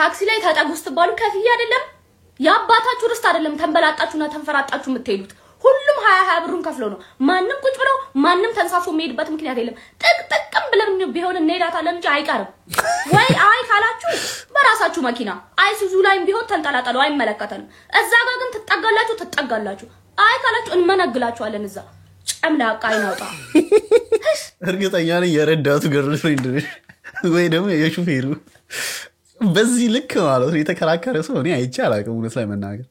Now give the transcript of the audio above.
ታክሲ ላይ ተጠጉ ስትባሉ ከፍዬ አይደለም የአባታችሁ ርስት አይደለም ተንበላጣችሁና ተንፈራጣችሁ የምትሄዱት። ሁሉም ሀያ ሀያ ብሩን ከፍለው ነው። ማንም ቁጭ ብለው ማንም ተንሳፎ የሚሄድበት ምክንያት የለም። ጥቅጥቅም ብለን ቢሆን እንሄዳታለን እንጂ አይቀርም። ወይ አይ ካላችሁ በራሳችሁ መኪና አይሱዙ ላይም ቢሆን ተንጠላጠሉ፣ አይመለከተንም። እዛ ጋር ግን ትጠጋላችሁ ትጠጋላችሁ። አይ ካላችሁ እንመነግላችኋለን። እዛ ጨምላቃ አይናውጣ። እርግጠኛ ነኝ የረዳቱ ገርል ወይ ደግሞ የሹፌሩ በዚህ ልክ ማለት የተከራከረ ሰው እኔ አይቼ አላውቅም፣ እውነት ላይ መናገር